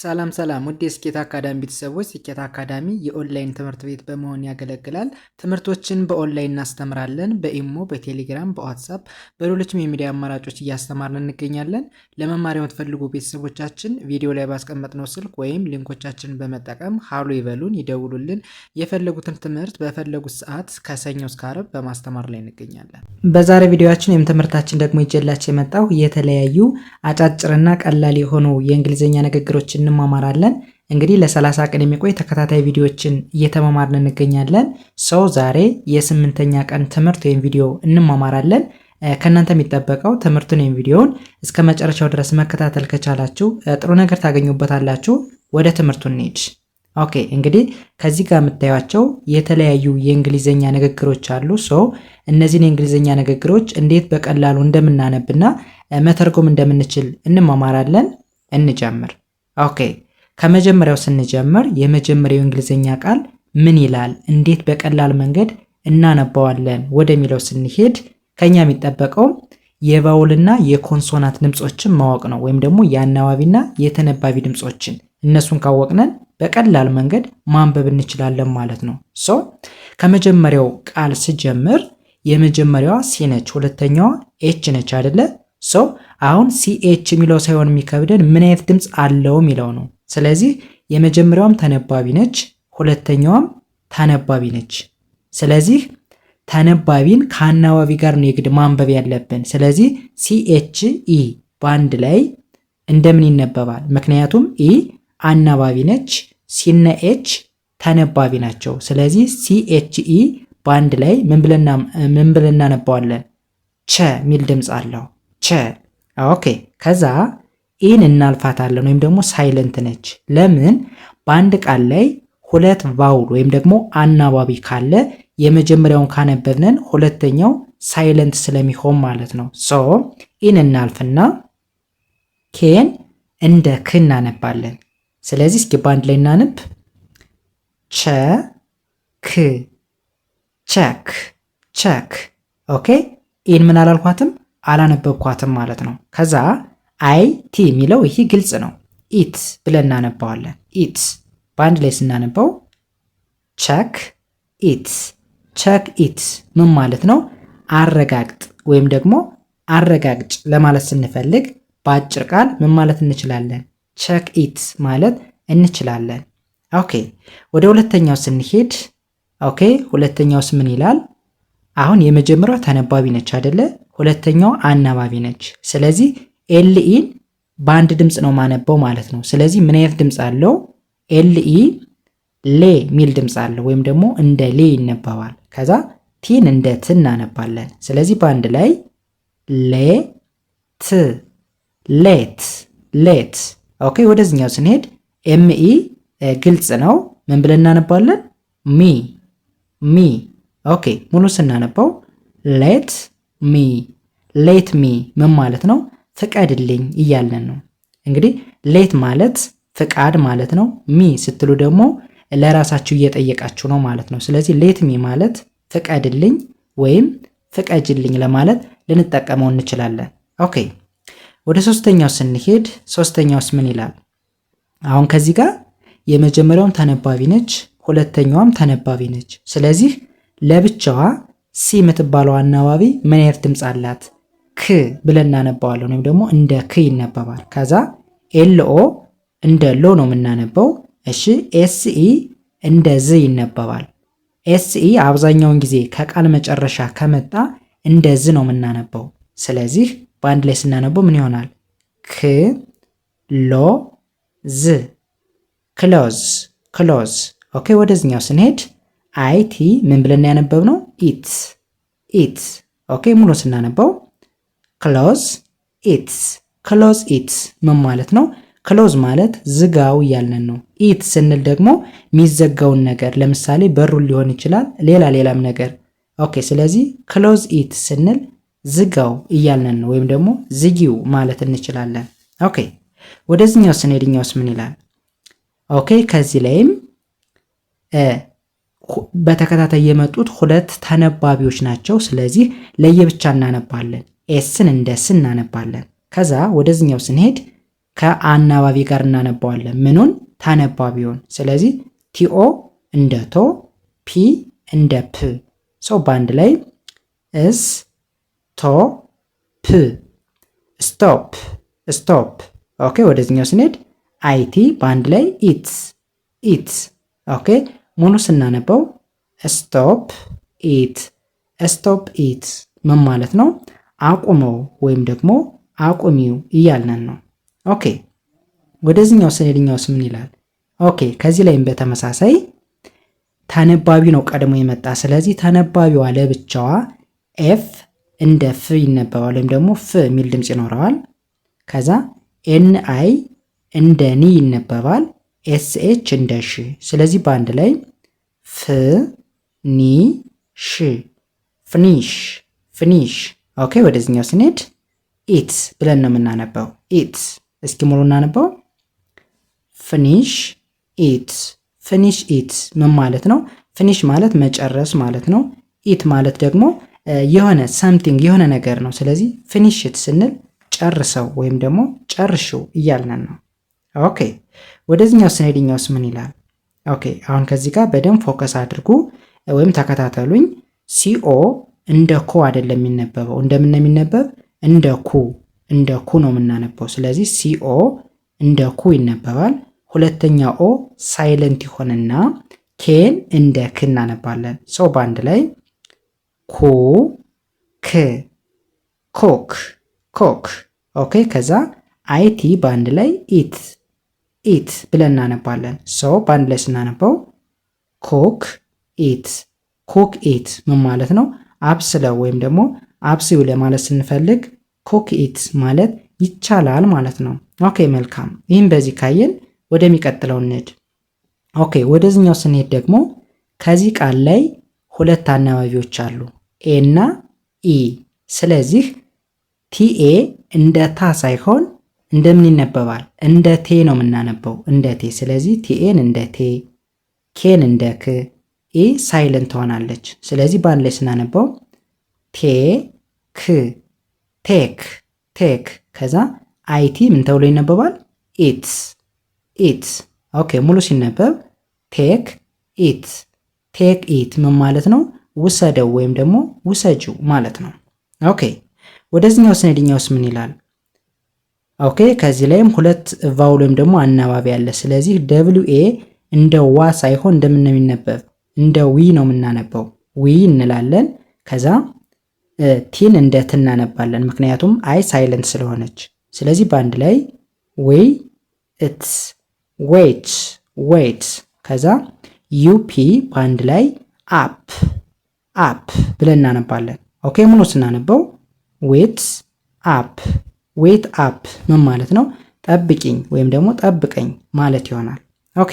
ሰላም ሰላም ውድ የስኬት አካዳሚ ቤተሰቦች፣ ስኬት አካዳሚ የኦንላይን ትምህርት ቤት በመሆን ያገለግላል። ትምህርቶችን በኦንላይን እናስተምራለን። በኢሞ፣ በቴሌግራም፣ በዋትሳፕ፣ በሌሎችም የሚዲያ አማራጮች እያስተማርን እንገኛለን። ለመማሪያ የምትፈልጉ ቤተሰቦቻችን ቪዲዮ ላይ ባስቀመጥነው ስልክ ወይም ሊንኮቻችንን በመጠቀም ሀሎ ይበሉን፣ ይደውሉልን። የፈለጉትን ትምህርት በፈለጉት ሰዓት ከሰኞ እስከ ዓርብ በማስተማር ላይ እንገኛለን። በዛሬ ቪዲዮችን ወይም ትምህርታችን ደግሞ ይጀላቸው የመጣው የተለያዩ አጫጭርና ቀላል የሆኑ የእንግሊዝኛ ንግግሮች ቪዲዮዎችን እንማማራለን። እንግዲህ ለ30 ቀን የሚቆይ ተከታታይ ቪዲዮዎችን እየተማማርን እንገኛለን። ሰው ዛሬ የስምንተኛ ቀን ትምህርት ወይም ቪዲዮ እንማማራለን። ከእናንተ የሚጠበቀው ትምህርቱን ወይም ቪዲዮውን እስከ መጨረሻው ድረስ መከታተል ከቻላችሁ ጥሩ ነገር ታገኙበታላችሁ። ወደ ትምህርቱ እንሂድ። ኦኬ እንግዲህ ከዚህ ጋር የምታዩቸው የተለያዩ የእንግሊዝኛ ንግግሮች አሉ። ሶ እነዚህን የእንግሊዝኛ ንግግሮች እንዴት በቀላሉ እንደምናነብና መተርጎም እንደምንችል እንማማራለን። እንጀምር። ኦኬ ከመጀመሪያው ስንጀምር የመጀመሪያው እንግሊዝኛ ቃል ምን ይላል፣ እንዴት በቀላል መንገድ እናነባዋለን ወደሚለው ስንሄድ ከኛ የሚጠበቀው የቫውልና የኮንሶናንት ድምፆችን ማወቅ ነው። ወይም ደግሞ የአናባቢና የተነባቢ ድምፆችን እነሱን ካወቅነን በቀላል መንገድ ማንበብ እንችላለን ማለት ነው። ሶ ከመጀመሪያው ቃል ስጀምር የመጀመሪያዋ ሲ ነች፣ ሁለተኛዋ ኤች ነች አይደለ? ሰው አሁን ሲኤች የሚለው ሳይሆን የሚከብደን ምን አይነት ድምፅ አለው የሚለው ነው። ስለዚህ የመጀመሪያዋም ተነባቢ ነች፣ ሁለተኛዋም ተነባቢ ነች። ስለዚህ ተነባቢን ከአናባቢ ጋር ነው የግድ ማንበብ ያለብን። ስለዚህ ሲኤችኢ e በአንድ ላይ እንደምን ይነበባል? ምክንያቱም ኢ e አናባቢ ነች፣ ሲና ኤች ተነባቢ ናቸው። ስለዚህ ሲኤች ኢ e በአንድ ላይ ምን ብለን እናነባዋለን? ቸ የሚል ድምፅ አለው። ቸ ኦኬ። ከዛ ኢን እናልፋታለን ወይም ደግሞ ሳይለንት ነች። ለምን? በአንድ ቃል ላይ ሁለት ቫውል ወይም ደግሞ አናባቢ ካለ የመጀመሪያውን ካነበብነን ሁለተኛው ሳይለንት ስለሚሆን ማለት ነው። ሶ ኢን እናልፍና ኬን እንደ ክ እናነባለን። ስለዚህ እስኪ በአንድ ላይ እናንብ። ቸ ክ ቸክ ቸክ። ኦኬ ኢን ምን አላልኳትም አላነበብኳትም ማለት ነው። ከዛ አይ ቲ የሚለው ይህ ግልጽ ነው። ኢት ብለን እናነባዋለን። ኢት በአንድ ላይ ስናነባው ቸክ ኢት ቸክ ኢት ምን ማለት ነው? አረጋግጥ ወይም ደግሞ አረጋግጭ ለማለት ስንፈልግ በአጭር ቃል ምን ማለት እንችላለን? ቸክ ኢት ማለት እንችላለን። ኦኬ ወደ ሁለተኛው ስንሄድ፣ ኦኬ ሁለተኛውስ ምን ይላል? አሁን የመጀመሪያው ተነባቢ ነች አደለ? ሁለተኛው አናባቢ ነች። ስለዚህ ኤልኢን በአንድ ድምፅ ነው ማነበው ማለት ነው። ስለዚህ ምን አይነት ድምፅ አለው? ኤልኢ ሌ የሚል ድምፅ አለው ወይም ደግሞ እንደ ሌ ይነበባል። ከዛ ቲን እንደ ት እናነባለን። ስለዚህ በአንድ ላይ ሌ ት ሌት ሌት። ኦኬ ወደዚኛው ስንሄድ ኤምኢ ግልጽ ነው። ምን ብለን እናነባለን? ሚ ሚ። ኦኬ ሙሉ ስናነባው ሌት ሚ ሌት ሚ ምን ማለት ነው? ፍቀድልኝ እያለን ነው። እንግዲህ ሌት ማለት ፍቃድ ማለት ነው። ሚ ስትሉ ደግሞ ለራሳችሁ እየጠየቃችሁ ነው ማለት ነው። ስለዚህ ሌት ሚ ማለት ፍቀድልኝ ወይም ፍቀጅልኝ ለማለት ልንጠቀመው እንችላለን። ኦኬ ወደ ሶስተኛው ስንሄድ ሶስተኛውስ ምን ይላል? አሁን ከዚህ ጋር የመጀመሪያውም ተነባቢ ነች፣ ሁለተኛዋም ተነባቢ ነች። ስለዚህ ለብቻዋ ሲ የምትባለው አናባቢ ምን ያህል ድምፅ አላት? ክ ብለን እናነባዋለን፣ ወይም ደግሞ እንደ ክ ይነበባል። ከዛ ኤልኦ እንደ ሎ ነው የምናነበው። እሺ ኤስኢ እንደ ዝ ይነበባል። ኤስኢ አብዛኛውን ጊዜ ከቃል መጨረሻ ከመጣ እንደ ዝ ነው የምናነበው። ስለዚህ በአንድ ላይ ስናነበው ምን ይሆናል? ክ ሎ ዝ ክሎዝ ክሎዝ። ኦኬ ወደዚኛው ስንሄድ አይቲ ምን ብለን ያነበብ ነው? ኢትስ ኢትስ። ኦኬ ሙሉ ስናነበው ክሎዝ ኢትስ ክሎዝ ኢትስ ምን ማለት ነው? ክሎዝ ማለት ዝጋው እያልነን ነው። ኢት ስንል ደግሞ የሚዘጋውን ነገር ለምሳሌ በሩን ሊሆን ይችላል፣ ሌላ ሌላም ነገር። ኦኬ ስለዚህ ክሎዝ ኢት ስንል ዝጋው እያልነን ነው፣ ወይም ደግሞ ዝጊው ማለት እንችላለን። ኦኬ ወደዚህኛው ስንሄድኛውስ ምን ይላል? ኦኬ ከዚህ ላይም በተከታታይ የመጡት ሁለት ተነባቢዎች ናቸው። ስለዚህ ለየብቻ እናነባለን። ኤስን እንደ ስ እናነባለን። ከዛ ወደዚኛው ስንሄድ ከአናባቢ ጋር እናነባዋለን። ምኑን? ተነባቢውን። ስለዚህ ቲኦ እንደ ቶ፣ ፒ እንደ ፕ። ሰው በአንድ ላይ እስ ቶ ፕ ስቶፕ፣ ስቶፕ። ኦኬ ወደዚኛው ስንሄድ አይቲ በአንድ ላይ ኢትስ፣ ኢትስ። ኦኬ ሙሉ ስናነበው ስቶፕ ኢት ስቶፕ ኢት ምን ማለት ነው? አቁመው ወይም ደግሞ አቁሚው እያልነን ነው። ኦኬ ወደዚህኛው ስንሄድኛውስ ምን ይላል? ኦኬ ከዚህ ላይም በተመሳሳይ ተነባቢ ነው ቀድሞ የመጣ ስለዚህ ተነባቢዋ ለብቻዋ ኤፍ እንደ ፍ ይነበባል፣ ወይም ደግሞ ፍ የሚል ድምፅ ይኖረዋል። ከዛ ኤን አይ እንደ ኒ ይነበባል። ኤስኤች እንደ ሽ። ስለዚህ በአንድ ላይ ፍ ኒ ሽ ፍኒሽ ፍኒሽ። ኦኬ ወደዚህኛው ስንሄድ ኢት ብለን ነው የምናነበው። ኢት እስኪ ሙሉ እናነበው። ፍኒሽ ኢት ፍኒሽ ኢት ምን ማለት ነው? ፍኒሽ ማለት መጨረስ ማለት ነው። ኢት ማለት ደግሞ የሆነ ሰምቲንግ የሆነ ነገር ነው። ስለዚህ ፍኒሽት ስንል ጨርሰው ወይም ደግሞ ጨርሹ እያልነን ነው። ኦኬ ወደዚህኛው ስንሄድኛውስ ምን ይላል? ኦኬ አሁን ከዚህ ጋር በደንብ ፎከስ አድርጉ ወይም ተከታተሉኝ። ሲኦ እንደ ኮ አይደለም የሚነበበው። እንደምን ነው የሚነበብ? እንደ ኩ እንደ ኩ ነው የምናነበው። ስለዚህ ሲኦ እንደ ኩ ይነበባል። ሁለተኛ ኦ ሳይለንት ይሆንና ኬን እንደ ክ እናነባለን። ሶ በአንድ ላይ ኩ ክ ኮክ ኮክ። ኦኬ ከዛ አይቲ በአንድ ላይ ኢት ኢት ብለን እናነባለን። ሰው በአንድ ላይ ስናነባው ኮክ ኢት ኮክ ኢት ምን ማለት ነው? አብስለው ወይም ደግሞ አብስዩ ለማለት ስንፈልግ ኮክ ኢት ማለት ይቻላል ማለት ነው። ኦኬ መልካም። ይህም በዚህ ካየን ወደሚቀጥለው እንሂድ። ኦኬ ወደዚህኛው ስንሄድ ደግሞ ከዚህ ቃል ላይ ሁለት አናባቢዎች አሉ፣ ኤ እና ኢ። ስለዚህ ቲኤ እንደ ታ ሳይሆን እንደምን ይነበባል? እንደ ቴ ነው የምናነበው፣ እንደ ቴ። ስለዚህ ቲኤን እንደ ቴ፣ ኬን እንደ ክ፣ ኤ ሳይለንት ትሆናለች። ስለዚህ በአንድ ላይ ስናነበው ቴ ክ፣ ቴክ፣ ቴክ። ከዛ አይቲ ምን ተብሎ ይነበባል? ኢትስ፣ ኢትስ። ኦኬ ሙሉ ሲነበብ ቴክ ኢት፣ ቴክ ኢት ምን ማለት ነው? ውሰደው ወይም ደግሞ ውሰጂው ማለት ነው። ኦኬ ወደዚህኛው ስንሄድ ምን ይላል? ኦኬ ከዚህ ላይም ሁለት ቫውል ወይም ደግሞ አናባቢ አለ። ስለዚህ ደብሊው ኤ እንደ ዋ ሳይሆን እንደምን ነው የሚነበብ? እንደ ዊ ነው የምናነበው። ዊ እንላለን። ከዛ ቲን እንደ ት እናነባለን፣ ምክንያቱም አይ ሳይለንት ስለሆነች። ስለዚህ በአንድ ላይ ዊ ኢትስ ዌይት ዌይት። ከዛ ዩፒ በአንድ ላይ አፕ አፕ ብለን እናነባለን። ኦኬ ምኖ ስናነበው ዌትስ አፕ ዌት አፕ ምን ማለት ነው? ጠብቂኝ ወይም ደግሞ ጠብቀኝ ማለት ይሆናል። ኦኬ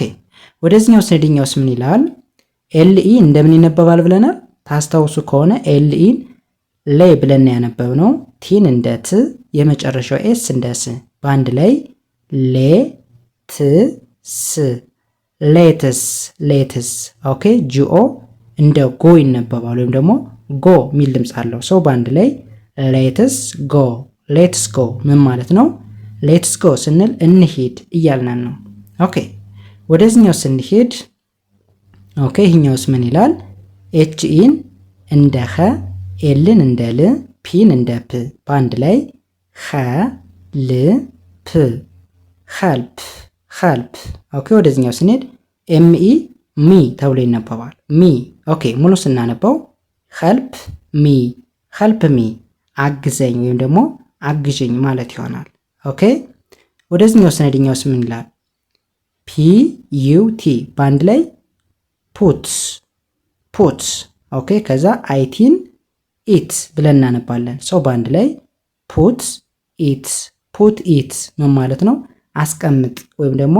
ወደዚህኛው ስንሄድኛውስ ምን ይላል? ኤልኢ እንደምን ይነበባል ብለናል። ታስታውሱ ከሆነ ኤልኢ ላይ ብለን ያነበብ ነው። ቲን እንደ ት የመጨረሻው ኤስ እንደ ስ በአንድ ላይ ሌ ት ስ ሌትስ ሌትስ። ኦኬ ጂኦ እንደ ጎ ይነበባል ወይም ደግሞ ጎ የሚል ድምፅ አለው። ሰው በአንድ ላይ ሌትስ ጎ ሌትስ ጎ ምን ማለት ነው? ሌትስ ጎ ስንል እንሂድ እያልናን ነው። ኦኬ ወደዚህኛው ስንሄድ ኦኬ ይህኛውስ ምን ይላል? ኤች ኢን እንደ ኸ፣ ኤልን እንደ ል፣ ፒን እንደ ፕ በአንድ ላይ ኸ ል ፕ ኸልፕ ኸልፕ። ኦኬ ወደዚህኛው ስንሄድ ኤምኢ ሚ e e ተብሎ ይነበባል። ሚ e ኦኬ ሙሉ ስናነበው ኸልፕ ሚ ኸልፕ ሚ አግዘኝ ወይም ደግሞ አግዥኝ ማለት ይሆናል። ኦኬ ወደዚህኛው ሰነድኛው ምን ይላል? ፒ ዩ ቲ በአንድ ላይ ፑትስ ፑትስ። ኦኬ ከዛ አይቲን ኢት ብለን እናነባለን። ሰው በአንድ ላይ ፑትስ ኢትስ ፑት ኢትስ ምን ማለት ነው? አስቀምጥ ወይም ደግሞ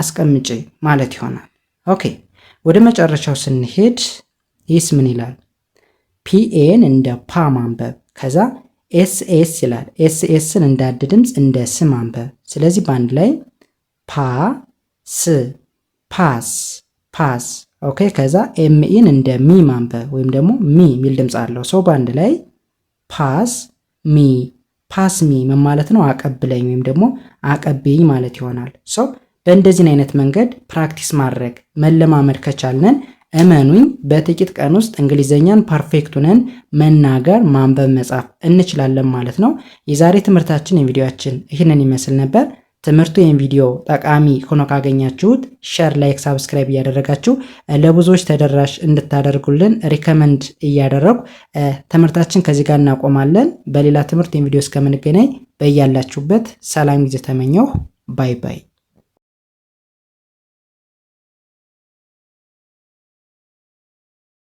አስቀምጪ ማለት ይሆናል። ኦኬ ወደ መጨረሻው ስንሄድ ይህስ ምን ይላል? ፒኤን እንደ ፓ ማንበብ ከዛ ኤስኤስ ይላል። ኤስኤስን እንደ አድ ድምፅ እንደ ስ ማንበብ። ስለዚህ በአንድ ላይ ፓ ስ ፓስ ፓስ። ኦኬ ከዛ ኤምኢን እንደ ሚ ማንበብ ወይም ደግሞ ሚ የሚል ድምፅ አለው። ሰው በአንድ ላይ ፓስ ሚ ፓስ ሚ ምን ማለት ነው? አቀብለኝ ወይም ደግሞ አቀብይኝ ማለት ይሆናል። ሰው በእንደዚህን አይነት መንገድ ፕራክቲስ ማድረግ መለማመድ ከቻልነን እመኑኝ በጥቂት ቀን ውስጥ እንግሊዘኛን ፐርፌክት ሆነን መናገር ማንበብ መጻፍ እንችላለን ማለት ነው። የዛሬ ትምህርታችን የቪዲዮችን ይህንን ይመስል ነበር። ትምህርቱ ይህን ቪዲዮ ጠቃሚ ሆኖ ካገኛችሁት ሸር፣ ላይክ፣ ሳብስክራይብ እያደረጋችሁ ለብዙዎች ተደራሽ እንድታደርጉልን ሪከመንድ እያደረጉ ትምህርታችን ከዚህ ጋር እናቆማለን። በሌላ ትምህርት ይህን ቪዲዮ እስከምንገናኝ በያላችሁበት ሰላም ጊዜ ተመኘሁ። ባይ ባይ።